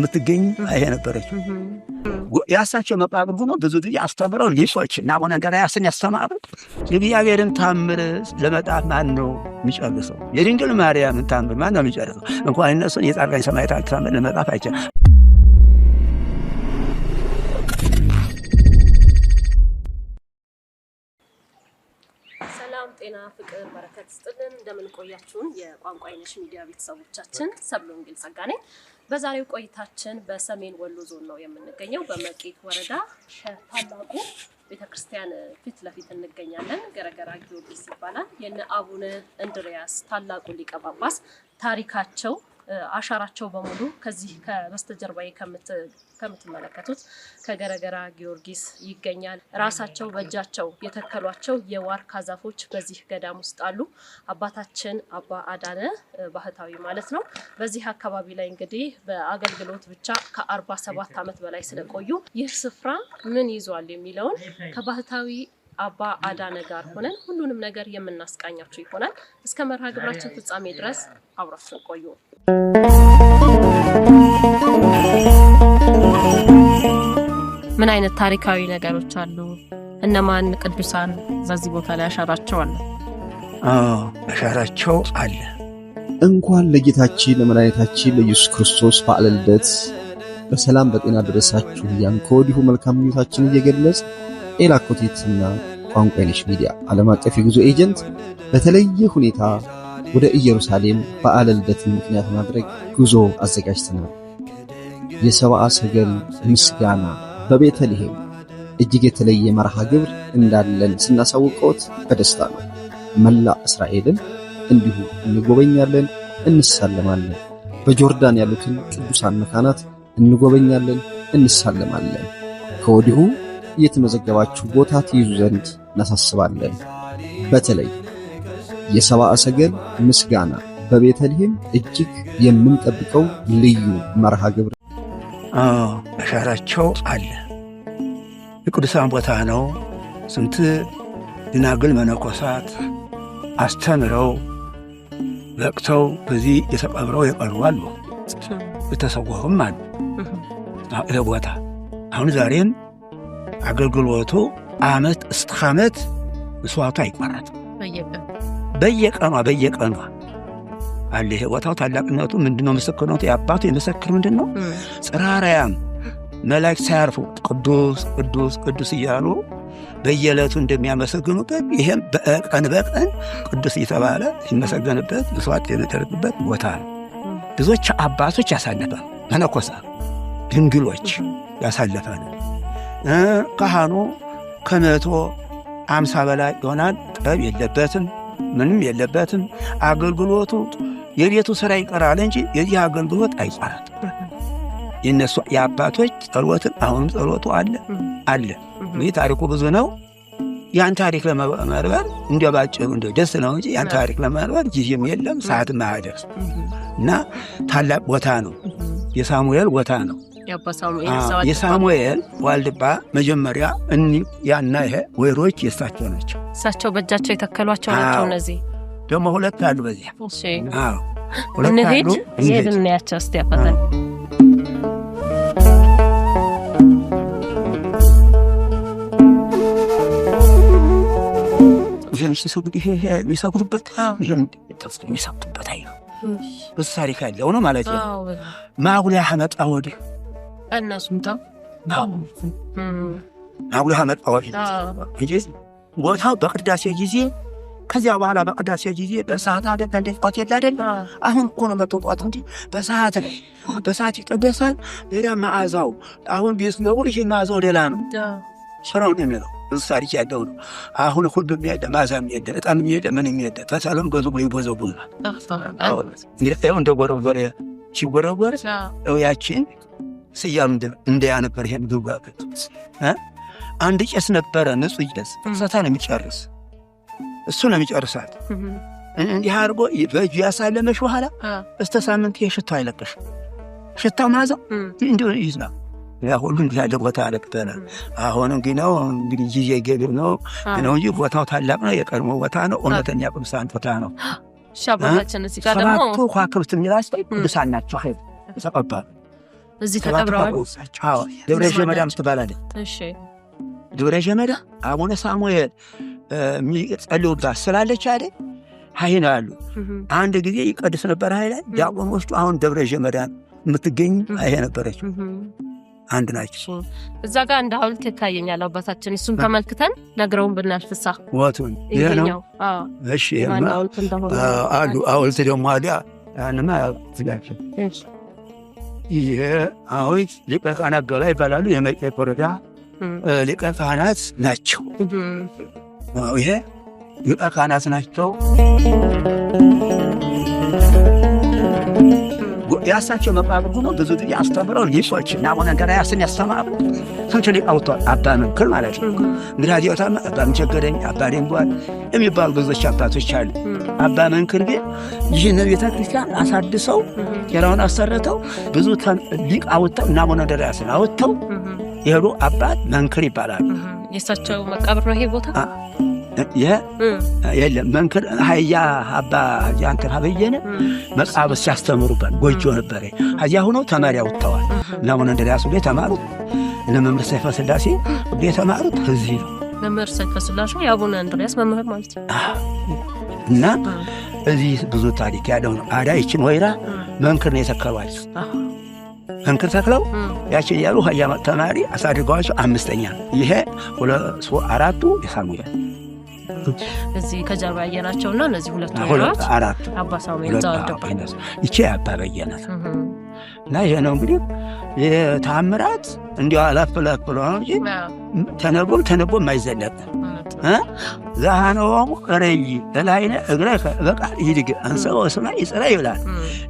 የምትገኝ ይሄ ነበረች። ያሳቸው መቃብር ሆኖ ብዙ ጊዜ አስተምረው ሊሶች እና አቡነ ገርያስን ያስተማሩት የእግዚአብሔርን ታምር ለመጣት ማን ነው የሚጨርሰው? የድንግል ማርያምን ታምር ማን ነው የሚጨርሰው? እንኳን እነሱን የጻድቃን ሰማዕታት ታምር ለመጣፍ አይቻልም። ጤና ፍቅር በረከት ስጥልን። እንደምን ቆያችሁን? የቋንቋ አይነሽ ሚዲያ ቤተሰቦቻችን ሰብሎ እንግል ጸጋ ነኝ። በዛሬው ቆይታችን በሰሜን ወሎ ዞን ነው የምንገኘው። በመቄት ወረዳ ከታላቁ ቤተክርስቲያን ፊት ለፊት እንገኛለን። ገረገራ ጊዮርጊስ ይባላል። የነ አቡነ እንድሪያስ ታላቁ ሊቀ ጳጳስ ታሪካቸው አሻራቸው በሙሉ ከዚህ ከበስተጀርባዬ ከምትመለከቱት ከገረገራ ጊዮርጊስ ይገኛል። ራሳቸው በእጃቸው የተከሏቸው የዋርካ ዛፎች በዚህ ገዳም ውስጥ አሉ። አባታችን አባ አዳነ ባህታዊ ማለት ነው። በዚህ አካባቢ ላይ እንግዲህ በአገልግሎት ብቻ ከአርባ ሰባት ዓመት በላይ ስለቆዩ ይህ ስፍራ ምን ይዟል የሚለውን ከባህታዊ አባ አዳነ ጋር ሆነን ሁሉንም ነገር የምናስቃኛችሁ ይሆናል። እስከ መርሃ ግብራችን ፍጻሜ ድረስ አብራችን ቆዩ። ምን አይነት ታሪካዊ ነገሮች አሉ? እነማን ቅዱሳን በዚህ ቦታ ላይ አሻራቸው አለ? አሻራቸው አለ። እንኳን ለጌታችን ለመድኃኒታችን ለኢየሱስ ክርስቶስ በዓለ ልደት በሰላም በጤና ደረሳችሁ እያን ከወዲሁ መልካም ምኞታችን እየገለጽ ኤላኮቴትና ቋንቋ የለሽ ሚዲያ ዓለም አቀፍ የጉዞ ኤጀንት በተለየ ሁኔታ ወደ ኢየሩሳሌም በዓለ ልደትን ምክንያት ማድረግ ጉዞ አዘጋጅተናል። የሰብአ ሰገል ምስጋና በቤተልሔም እጅግ የተለየ መርሃ ግብር እንዳለን ስናሳውቀዎት በደስታ ነው። መላ እስራኤልን እንዲሁ እንጎበኛለን፣ እንሳለማለን። በጆርዳን ያሉትን ቅዱሳን መካናት እንጎበኛለን፣ እንሳለማለን። ከወዲሁ እየተመዘገባችሁ ቦታ ትይዙ ዘንድ እናሳስባለን። በተለይ የሰብአ ሰገል ምስጋና በቤተልሔም እጅግ የምንጠብቀው ልዩ መርሃ ግብር አሻራቸው አለ። የቅዱሳን ቦታ ነው። ስንት ድናግል መነኮሳት አስተምረው በቅተው በዚህ የተቀብረው የቀሩ አሉ፣ የተሰወሩም አሉ። ይህ ቦታ አሁን ዛሬን አገልግሎቱ ዓመት እስተ ዓመት ምስዋቱ አይቋረጥ በየቀኗ በየቀኗ አለ። ይሄ ቦታው ታላቅነቱ ምንድነው? ምስክርነቱ የአባቱ የመሰክር ምንድን ነው? ጽራራያም መላእክት ሳያርፉ ቅዱስ ቅዱስ ቅዱስ እያሉ በየዕለቱ እንደሚያመሰግኑበት ይህም በቀን በቀን ቅዱስ እየተባለ ሲመሰገንበት ምስዋት የሚደረግበት ቦታ ነው። ብዙዎች አባቶች ያሳለፈ መነኮሳ ድንግሎች ያሳለፈ ነው። ካህኑ ከመቶ አምሳ በላይ ይሆናል። ጥበብ የለበትም፣ ምንም የለበትም። አገልግሎቱ የቤቱ ስራ ይቀራል እንጂ የዚህ አገልግሎት አይቀርም። የነሱ የአባቶች ጸሎትን አሁንም ጸሎቱ አለ አለ። ይህ ታሪኩ ብዙ ነው። ያን ታሪክ ለመርበር እንደ ባጭሩ እንደ ደስ ነው እንጂ ያን ታሪክ ለመርበር ጊዜም የለም ሰዓትም አያደርስ እና ታላቅ ቦታ ነው፣ የሳሙኤል ቦታ ነው። የሳሙኤል ዋልድባ መጀመሪያ እኒ ያና ይሄ ወይሮች የእሳቸው ናቸው። እሳቸው በእጃቸው የተከሏቸው ናቸው። እነዚህ ደግሞ ሁለት አሉ። በዚያ እንሂድ እንሂድ እስቲ ያፈጠን የሚሰጉበት ታሪክ ያለው ነው ማለት ነው። ማጉሊያ ሐመጣ ወዲህ እነሱም ተው አጉልሃ መጣወች እንጂ ቦታው በቅዳሴ ጊዜ ከዚያ በኋላ በቅዳሴ ጊዜ በሰዓት አደለ እንደ የለ አደለ። አሁን እኮ ነው መቶ እንጂ በሰዓት ነው በሰዓት ይቀደሳል። ሌላ መዓዛው አሁን ቤት ነው ይህ መዓዛው ሌላ ነው። ስራው ነው የሚለው እሱ ታሪክ ያለው ነው። አሁን ሁሉም ያለ መዓዛም ያለ እጣንም ያለ ምንም ያለ ተሳለም ገዙ ይቦዘው ቡና እንደ ጎረጎረ ሲጎረጎር ያችን ስያም እንደያ ነበር። ይሄ ምግብ ጋገጡት አንድ ቄስ ነበረ፣ ንጹህ ቄስ ፈሰታ ነው የሚጨርስ እሱ ነው የሚጨርሳት። እንዲህ አድርጎ በእጁ ያሳለመሽ በኋላ እስተ ሳምንት ይሄ ሽታ አይለቅሽ ሽታ ማዘው እንዲ ይዝና ያ ሁሉ እንዲህ ያለ ቦታ ነበረ። አሁን እንግዲህ ነው እንግዲህ ጊዜ ገቢር ነው ነው እንጂ ቦታው ታላቅ ነው። የቀድሞ ቦታ ነው። እውነተኛ ቅዱሳን ቦታ ነው። ሰባቱ ከዋክብት የሚላስ ቅዱሳን ናቸው። ሀይል ተቀባል እዚህ ተቀብረዋል። ደብረ ሸመዳም ትባላለች። ደብረ ሸመዳ አቡነ ሳሙኤል የሚጸልዩባት ስላለች አለ ሀይን አሉ። አንድ ጊዜ ይቀድስ ነበር ሀይ ላይ ዲያቆን ወስዱ። አሁን ደብረ ሸመዳን የምትገኝ ይሄ ነበረች። አንድ ናቸው። እዛ ጋር እንደ ሐውልት ይታየኛል አባታችን። እሱን ተመልክተን ነግረውን ብናልፍሳ ወቱን ይሄ ነው። እሺ አሉ ሐውልት ደግሞ አዲያ ንማ ትጋቸው አሁን ሊቀ ካህናት ገላ ይባላሉ። የመቄት ወረዳ ሊቀ ካህናት ናቸው። ይሄ ሊቀ ካህናት ናቸው። የራሳቸው መቃብር ሆኖ ብዙ ጊዜ አስተምረው ሊሶች እና አቡነ ገናያስን ያስተማሩ ስንት ሊቃውንት አባ መክር ማለት ነው። እንግዲህ አዲዮታም አባ ምቸገደኝ፣ አባ ደንጓል የሚባሉ ብዙዎች አባቶች አሉ። አባ መንክር ግን ይህን ቤተ ክርስቲያን አሳድሰው ሌላውን አሰረተው ብዙ ሊቅ አውጥተው እና አቡነ ገናያስን አውጥተው የሄዱ አባት መንክር ይባላሉ። የእሳቸው መቃብር ነው ይሄ ቦታ የለም መንክር ሀያ አባ እንትን ሀበየነ መቃብስ ሲያስተምሩበት ጎጆ ነበረ። ሀያ ሁነው ተማሪ አውጥተዋል። ለምን እንደዳስ ዴ ተማሩት ለመምህር ሰይፈ ስላሴ ዴ ተማሩት እዚህ ነው። መምህር ሰይፈ ስላሴ የአቡነ እንድርያስ መምህር ማለት ነው። እና እዚህ ብዙ ታሪክ ያለው ነው። አዳ ይችን ወይራ መንክር ነው የተከሏል። መንክር ተክለው ያችን ያሉ ሀያ ተማሪ አሳድገዋቸው አምስተኛ ይሄ አራቱ የሳሙኤል እዚህ ከጀርባ ያየናቸው እና እነዚህ ሁለቱ አራት አባሳሜል ይቺ ያባበየናት እና ይሄ ነው እንግዲህ ታምራት እንዲያው አላፍላፍለ እንጂ ተነቦ ተነቦ የማይዘለቅ ዛሃነወሙ ረይ በላይነ እግረ በቃ ይድግ አንሰቦ ስማ ይጽረ ይብላል።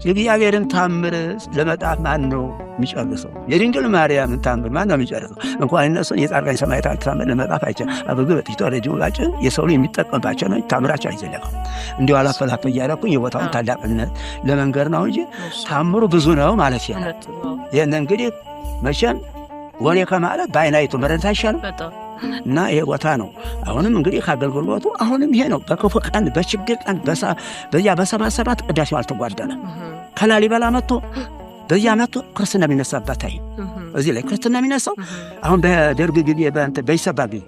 የእግዚአብሔርን ታምር ለመጣፍ ማን ነው የሚጨርሰው? የድንግል ማርያምን ታምር ማን ነው የሚጨርሰው? እንኳን እነሱን የጻድቃን ሰማዕታት ታምር ለመጣፍ አይቻ አብግ በጥቂቶ ረጅሙ ባጭር የሰው ልጅ የሚጠቀምባቸው ነው። ታምራቸው አይዘለቅም። እንዲሁ አላፈላፍ እያለኩኝ የቦታውን ታላቅነት ለመንገር ነው እንጂ ታምሩ ብዙ ነው ማለት ነው። ይህን እንግዲህ መቼም ወኔ ከማለት በአይናይቱ መረዳት አይሻልም? እና ይሄ ቦታ ነው። አሁንም እንግዲህ ከአገልግሎቱ አሁንም ይሄ ነው። በክፉ ቀን፣ በችግር ቀን በዚያ በሰባ ሰባት ቅዳሴው አልተጓደለ ከላሊበላ መጥቶ በዚያ መጥቶ ክርስትና የሚነሳበት አይ እዚህ ላይ ክርስትና የሚነሳው አሁን በደርግ ጊዜ በይሰባ ጊዜ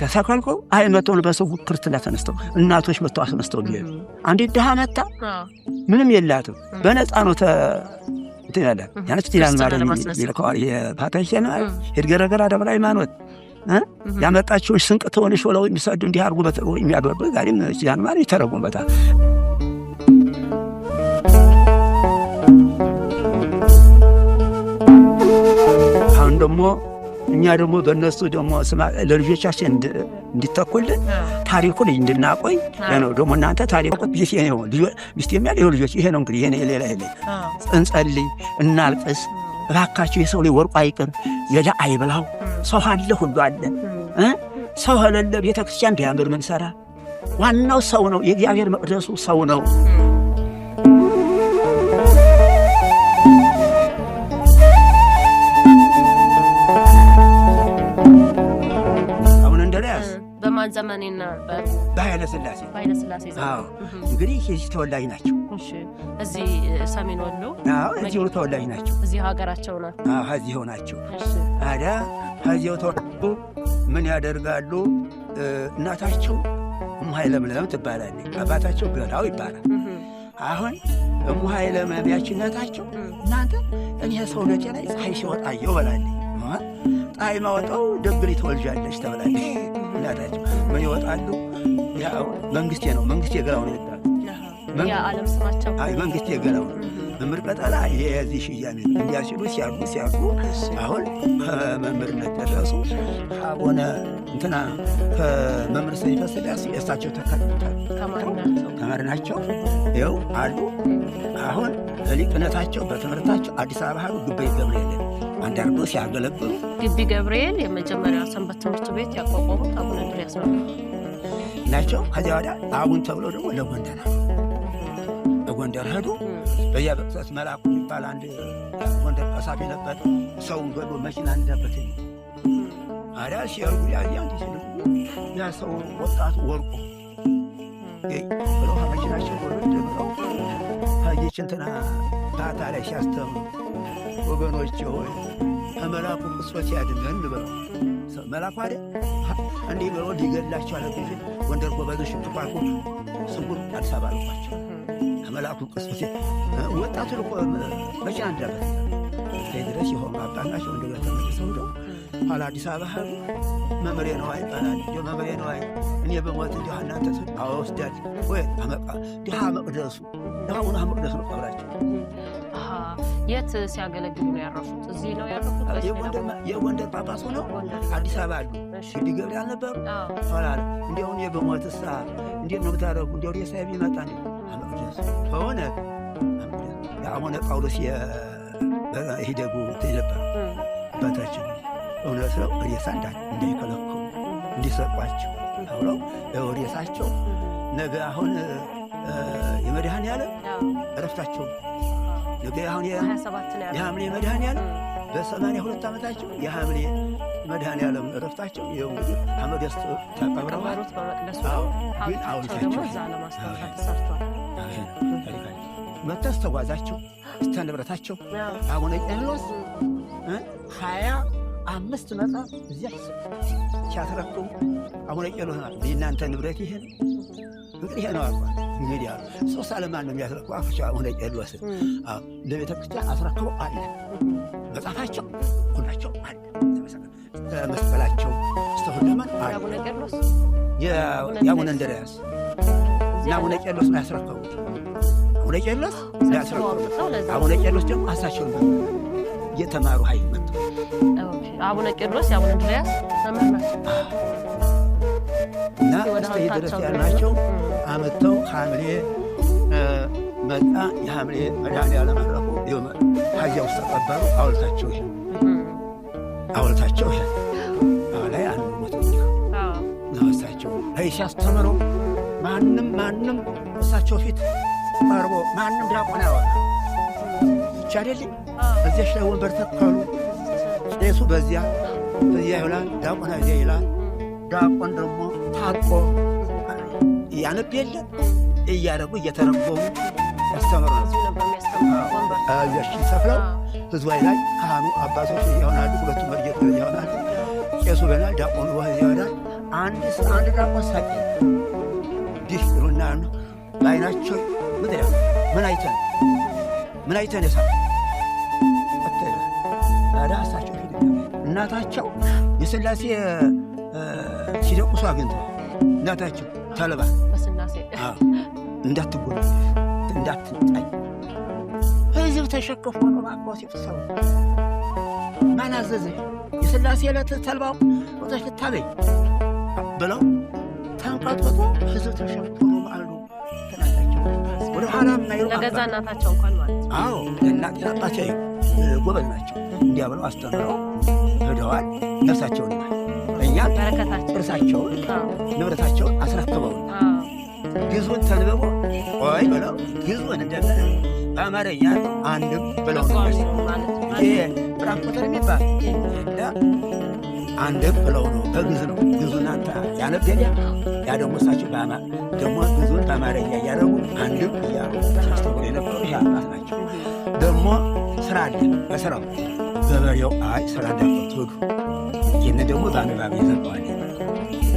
ተሰካልኮ አይ መጥተው በሰው ክርስትና ተነስተው እናቶች መጥተው አስነስተው ሊሄዱ አንዲት ድሃ መታ ምንም የላትም በነፃ ነው ትላለህ ያነች ቲላን ማርያም የፓታሽን ሄድገረገር አደብረ ሃይማኖት ያመጣችውን ስንቅ ትሆንሽ ወለው የሚሰዱ እንዲህ አርጉ የሚያደርግ ዛሬም ቲላን ማርያም ይተረጉምበታል። አሁን ደግሞ እኛ ደግሞ በእነሱ ደግሞ ለልጆቻችን እንዲተኩልን ታሪኩን እንድናቆይ ነው። ደግሞ እናንተ ታሪኩ ሚስት የሚያል ይኸው ልጆች ይሄ ነው እንግዲህ ይሄ ሌላ ይሄ እንጸልይ፣ እናልቅስ እባካችሁ። የሰው ላይ ወርቁ አይቅር፣ የዳ አይብላው። ሰው አለ ሁሉ አለ። ሰው ለለ ቤተክርስቲያን ቢያምር ምንሰራ? ዋናው ሰው ነው። የእግዚአብሔር መቅደሱ ሰው ነው። በማን ዘመን ነበር? በኃይለስላሴ ስላሴ ዘመን። እንግዲህ የዚህ ተወላጅ ናቸው። እዚህ ሰሜን ወሎ እዚሁ ተወላጅ ናቸው። እዚህ ሀገራቸው ናት። እዚሁ ናቸው። አዳ እዚሁ ተወላጁ ምን ያደርጋሉ? እናታቸው እሙሀይ ለምለም ትባላለች። አባታቸው ገላው ይባላል። አሁን እሙሀይ ያች እናንተ እኔ ሰውነቴ ላይ ፀሐይ ሲወጣየው በላለች ጣዕም አወጣው ደግሪ ተወልጃለች ተብላለች። እናታችን ምን ይወጣሉ? ያው መንግስቴ ነው መንግስቴ ገላው ነው ይወጣሉ። መንግስቴ ገላው ነው መምህርነት ጠላ የዚህ ሽያሜ እንዲያ ሲሉ ሲያሉ ሲያሉ አሁን መምህርነት ደረሱ። አቡነ እንትና መምህር ሰኝ ፈስላሴ እሳቸው ተማሪ ናቸው። ይኸው አሉ አሁን ሊቅነታቸው በትምህርታቸው አዲስ አበባ ሀሉ ግበይ ገብርኤል አንድ አርጎ ሲያገለግሉ ግቢ ገብርኤል የመጀመሪያ ሰንበት ትምህርት ቤት ያቋቋሙት አቡነ እንድርያስ ናቸው። ከዚያ ወዲያ አቡን ተብሎ ደግሞ ለጎንደና ጎንደር ሄዱ። በየበቅሰት መላኩ የሚባል አንድ ጎንደር ቀሳፊ ነበር። ሰውን ገሎ መኪና እንዳበት አሪያ ሲያርጉ ያያን ሲሉ ያ ሰው ወጣቱ ወርቁ ብለ መኪናቸው ወር ደብረው ሀይችንትና ታታ ላይ ሲያስተምሩ ወገኖች ሆይ ከመላኩ ክርስቶስ ያድነን ብለው መላኩ አይደል እንዲህ ብሎ ሊገላቸው አለ ጊዜ ጎንደር ጎበዞች ትባልኩ ስጉር አዲስ አበባ አልኳቸው። መልአኩ ቅዱስ ወጣቱ ልኮ መቼ አንደበት ድረስ የሆን አባናቸው እንደገና ተመልሰው ደ ኋላ አዲስ አበባ ሀሉ መምሬ ነዋይ ይባላል። እንዲ መምሬ ነዋ እኔ በሞት እንዲ እናንተ አወስደድ ወይ አመቃ ድሃ መቅደሱ ድሃ መቅደሱ ነው ቀብራቸው። የት ሲያገለግሉ ነው ያረፉት? እዚህ ነው ያረፉት። የጎንደር ጳጳስ ሆነው አዲስ አበባ አሉ። ሽዲ ገብርኤል ነበሩ። ኋላ እንዲሁን በሞት ሳ እንዴት ነው ብታረጉ እንዲ ሬሳ የሚመጣ ነው ከሆነ የአቡነ ጳውሎስ የሂደጉ ነበር አባታችን እውነት ነው። ሬሳ እንዳ እንዳይከለክሉ እንዲሰጧቸው ተብለው ሬሳቸው ነገ አሁን የመድኃኔ ዓለም እረፍታቸው ነገ አሁን የሐምሌ መድኃኔ ዓለም በሰማንያ ሁለት ዓመታቸው የሐምሌ መድኃኔ ዓለም እረፍታቸው ይኸው ተቀብረዋል። ግን አውልታቸው መጥተው እስተ እስተ ንብረታቸው አቡነ ቄርሎስ ሀያ አምስት ነጻ እዚያ ሲያስረክቡ አቡነ ቄርሎስ የእናንተ ንብረት ይሄን ነው ፍቅር ይሄ ነው አልኳት። እንግዲህ አሉ ሶስት አለማ ነው የሚያስረክቡ አፍቻ አቡነ ቄርሎስ ለቤተ ክርስቲያን አስረክቡ አለ መጽሐፋቸው ሁላቸው አለ መስቀላቸው እስተ ሁለመን አለ የአቡነ እንድርያስ እና አቡነ ቄርሎስ ነው ያስረከቡት። አቡነ ቄርሎስ አቡነ ቄርሎስ ደግሞ አሳቸውን የተማሩ ሀይል መጡ። አቡነ ቄርሎስ የአቡነ እንድርያስ መምህር ናቸው እና እስከ ድረስ ያልናቸው አመተው ሐምሌ መጣ። የሐምሌ መድኃኔዓለም አረፉ። ሀያ ውስጥ ተቀበሩ። ሐውልታቸው ይሄ ሐውልታቸው ይሄ ሲያስተምሩ ማንም ማንም እሳቸው ፊት ቀርቦ ማንም ዲያቆን ያወራ ይቻ አይደል? እዚያች ላይ ወንበር ተከሉ። ቄሱ በዚያ እዚያ ይውላል፣ ዲያቆን እዚያ ይላል። ዳቆን ደግሞ ታቆ እያነብ የለም እያደረጉ እየተረጎሙ ያስተምሩ እዚያች ሰፍረው ህዝቡ ላይ ካህኑ አባቶች ይሆናሉ፣ ሁለቱ መርጌቱ ይሆናሉ። ቄሱ በላ ዲያቆኑ ውሃ ይሆናል። አንድ አንድ ዲያቆን ሳቄ ዲህ ሩና በአይናቸው ምድር ምን አይተ ምን አይተን የሳ ራሳቸው እናታቸው የስላሴ ሲደቁሱ አግኝተ እናታቸው ተልባ እንዳትጎዳ እንዳትንጣይ ህዝብ ተሸከፎ ማቋስ የተሰሩ ማን አዘዘሽ? የስላሴ ዕለት ተልባው ወተሽ ልታበይ ብለው ተንቀጥቅጦ ህዝብ ተሸክፎ ማሉ ለገዛ እናታቸው እንኳን ማለት አዎ ለእናት አባቴ ጎበዝ ናቸው። እንዲያ ብለው አስተምረው ሄደዋል። ነፍሳቸውና እኛ እርሳቸውን ንብረታቸውን አስረክበውና ግዙን ተንብቦ ቆይ ብለው ግዙን እንደገና በአማርኛ አንድም ብለው ይሄ ብራን ቁጥር የሚባል አንድም ብለው ነው በግዝ ነው ግዙ እናንተ ያነብ ደሊያ ያደሞሳቸው በአማር ደግሞ ብዙ በአማርኛ እያደረጉ አንድም እያሉ የነበሩ ይህ አባት ናቸው። ደግሞ ስራ አለ በስራው ገበሬው አይ ስራ ዳፈትሉ ይህን ደግሞ በአንባቢ ይዘባዋል።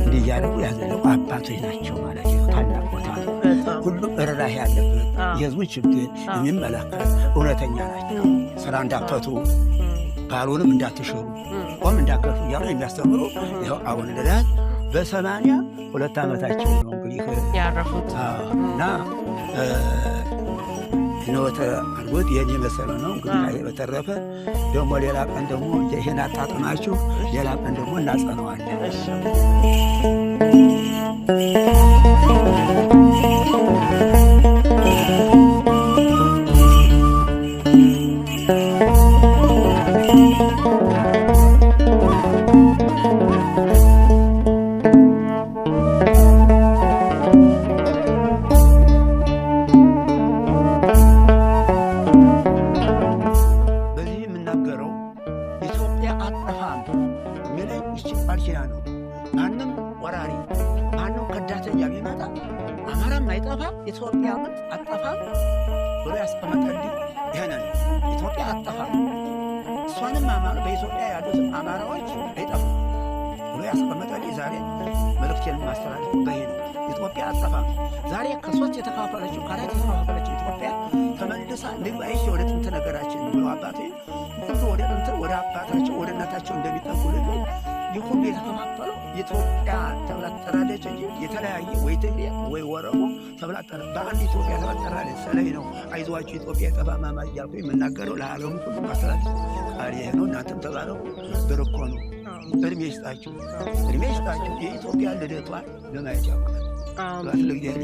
እንዲህ እያደረጉ ያዘለቁ አባቶች ናቸው ማለት ነው። ታላቅ ቦታ ሁሉም እርራህ ያለበት የህዝቡ ችግር የሚመለከት እውነተኛ ናቸው። ስራ እንዳፈቱ ባሉንም እንዳትሽሩ ቆም እንዳከፉ እያሉ የሚያስተምሩ ይኸው አሁን ልላት በሰማንያ ሁለት ዓመታቸው ነው። ያረፉት እና ህንወተ አልቦት ይህን መሰለ ነው። እንግዲህ በተረፈ ደግሞ ሌላ ቀን ደግሞ ይህን አጣጥማችሁ ሌላ ቀን ደግሞ እናጸነዋለን። አይጠፋ የኢትዮጵያ ምርት አጠፋ ብሎ ያስቀመጠል። ይህን ኢትዮጵያ አጠፋ እሷንም በኢትዮጵያ ያሉት አማራዎች አይጠፉ ብሎ ያስቀመጠል። ዛሬ መልእክቴን ማስተላለፍ በይ ኢትዮጵያ አጠፋ። ዛሬ ከሶስት የተካፈለችው ከአራት የተካፈለችው ኢትዮጵያ ተመልሳ ልባይሽ ወደ ጥንት ነገራችን ብሎ አባቴ ሁሉ ወደ ጥንት ወደ አባታቸው ወደ እናታቸው እንደሚጠጉ ልጅ ይህ የተከፋፈለው ኢትዮጵያ ተብላ ትጠራለች እንጂ የተለያየ ወይ ትግሬ ወይ ወረሞ ተብላ በአንድ ኢትዮጵያ ተብላ ጠራለች። ሰለይ ነው አይዟቸው ኢትዮጵያ የጠፋማማ እያልኩ የምናገረው ለዓለሙ ሁሉ ማስራት ቃል ይሄ ነው። እናንተም ተባረው ብርኮ ነው። እድሜ ይስጣችሁ፣ እድሜ ይስጣችሁ። የኢትዮጵያ ልደቷን ለማየት ያውቃል ትልቅ ጊዜ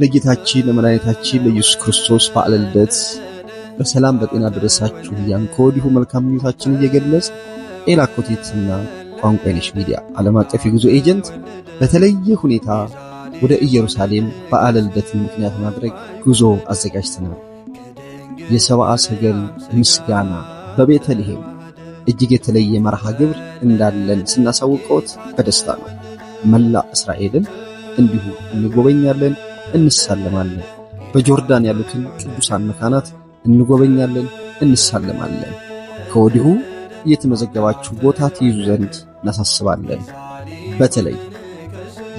ለጌታችን ለመድኃኒታችን ለኢየሱስ ክርስቶስ በዓለ ልደት በሰላም በጤና ደረሳችሁ እያን ከወዲሁ መልካም ምኞታችን እየገለጽ ኤላኮቴትና ኮቴትና ቋንቋ የነሽ ሚዲያ ዓለም አቀፍ የጉዞ ኤጀንት በተለየ ሁኔታ ወደ ኢየሩሳሌም በዓለ ልደትን ምክንያት ማድረግ ጉዞ አዘጋጅተናል። የሰብአ ሰገል ምስጋና በቤተልሔም እጅግ የተለየ መርሃ ግብር እንዳለን ስናሳውቀውት በደስታ ነው። መላ እስራኤልን እንዲሁ እንጎበኛለን። እንሳለማለን። በጆርዳን ያሉትን ቅዱሳን መካናት እንጎበኛለን፣ እንሳለማለን። ከወዲሁ እየተመዘገባችሁ ቦታ ትይዙ ዘንድ እናሳስባለን። በተለይ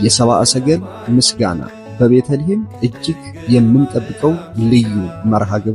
የሰብአ ሰገል ምስጋና በቤተልሔም እጅግ የምንጠብቀው ልዩ መርሃ ግብር